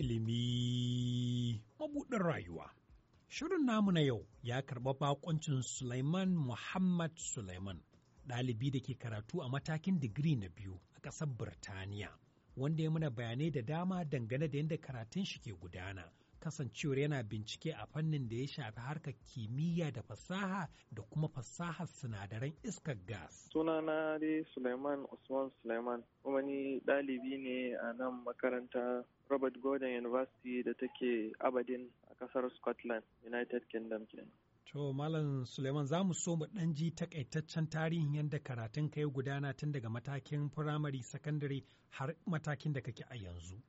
ilimi mabuɗin rayuwa. Shirin namu na yau ya karɓa bakoncin Sulaiman Muhammad Sulaiman, ɗalibi da ke karatu a matakin digiri na biyu a ƙasar Birtaniya, wanda ya muna bayanai da dama dangane da yadda karatun shi ke gudana kasancewar yana bincike a fannin da ya shafi harkar kimiyya da fasaha da kuma fasahar sinadaran iskar gas. Sunana dai Suleiman Usman Suleiman, kuma ni ɗalibi ne a nan makaranta Robert Gordon University da take Aberdeen a kasar Scotland, United Kingdom To Malam Suleiman za mu so mu ɗan ji takaitaccen tarihin yadda karatun ka ya gudana tun daga matakin firamare sakandare har matakin da kake a yanzu.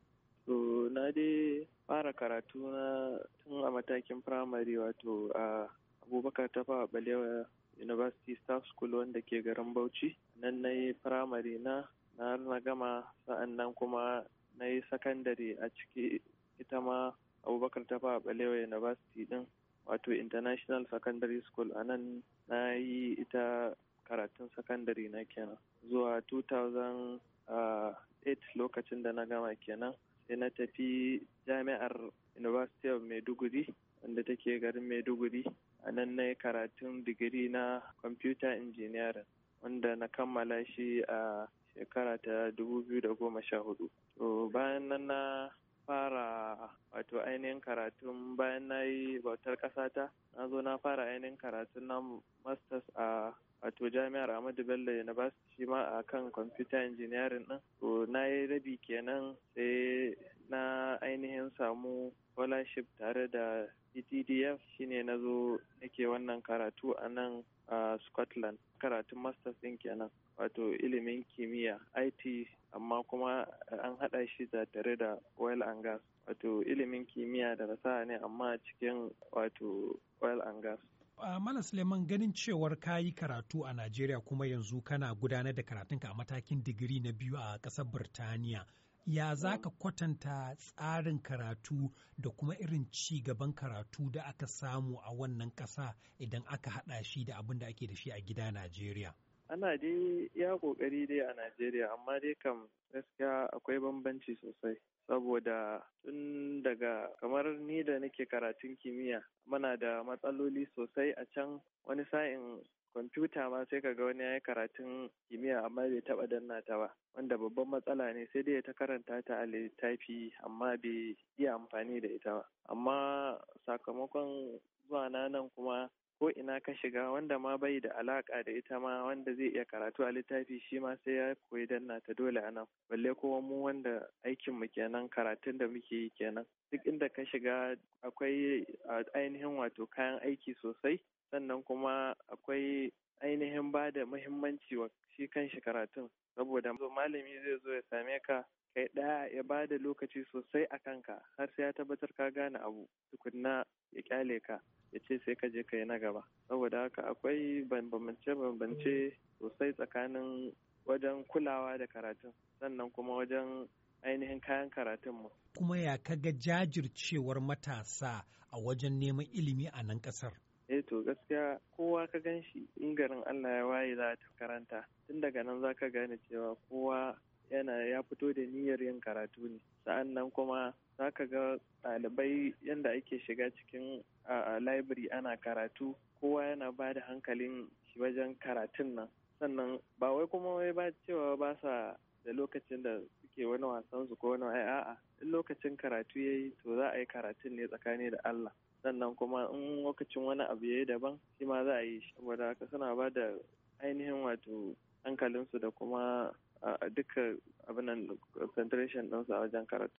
To na dai fara karatu na tun a matakin firamare wato a Abubakar Tafa Balewa University Staff School wanda ke garin Bauchi. Nan na yi firamare na na na gama sa'an nan kuma na yi sakandare a ciki ita ma Abubakar Tafa Balewa University din wato International Secondary School a nan na yi ita karatun sakandare na kenan zuwa 2008 ah, lokacin da na gama kenan. sai na tafi jami'ar university of maiduguri wanda take garin maiduguri a nan na yi karatun digiri na computer engineering wanda na kammala shi a shekara ta 2014 to bayan nan na fara wato ainihin karatun bayan na yi bautar ƙasata na zo na fara ainihin karatun na masters a wato jami'ar Ahmadu Bello University shi ma a kan computer engineering ɗin. To na yi rabi kenan sai na ainihin samu scholarship tare da PTDF e shine na zo nake wannan karatu a nan a Scotland. Karatun masters ɗin kenan wato ilimin kimiyya IT amma kuma an haɗa shi da tare da oil and gas. Wato ilimin kimiyya da fasaha ne amma cikin wato oil and gas. Mala Suleiman ganin cewar ka yi karatu a Najeriya kuma yanzu kana gudanar da karatunka a matakin digiri na biyu a ƙasar Birtaniya. Ya za ka kwatanta tsarin karatu da kuma irin ci gaban karatu da aka samu a wannan ƙasa idan aka haɗa shi da abin da ake da shi a gida Najeriya? ana dai iya kokari dai a najeriya amma dai kam gaskiya akwai bambanci sosai saboda tun daga kamar ni da nake karatun kimiyya muna da matsaloli sosai a can wani sa'in kwamfuta ma sai kaga wani ya yi karatun kimiyya amma bai taba danna ta ba wanda babban matsala ne sai dai ta karanta ta a littafi amma bai iya amfani da ita ba amma sakamakon zuwa nan kuma ko ina ka shiga wanda ma bai da alaka da ita ma wanda zai iya karatu a littafi shi ma sai ya koyi danna ta dole anan balle kowa mu wanda aikin mu kenan karatun da muke yi kenan duk inda ka shiga akwai ainihin wato kayan aiki sosai sannan kuma akwai ainihin ba da muhimmanci wa shi kanshi karatun saboda malami zai zo ya same ka kai ɗaya ya ba da lokaci sosai a kanka har sai ya tabbatar ka gane abu tukunna ya kyale ka ya ce sai ka je ka yi na gaba saboda haka akwai bambance-bambance sosai tsakanin wajen kulawa da karatun sannan kuma wajen ainihin kayan karatun mu kuma ya kaga jajircewar matasa a wajen neman ilimi a nan kasar eh to gaskiya kowa ka gan shi in garin Allah ya waye za ta karanta tun daga nan za ka gane cewa kowa yana ya fito da niyyar yin karatu ne Sa'annan kuma za ka ga ɗalibai yadda ake shiga cikin library ana karatu kowa yana ba da hankalin shi wajen karatun nan sannan ba wai kuma wai ba cewa ba sa da lokacin da suke wani wasan su ko wani wai a'a in lokacin karatu yi, to za a yi karatun ne tsakani da Allah sannan kuma in lokacin wani abu ya yi daban shi ma za a yi shi saboda haka suna ba da ainihin wato hankalinsu da kuma duka abinan concentration ɗinsu a wajen karatu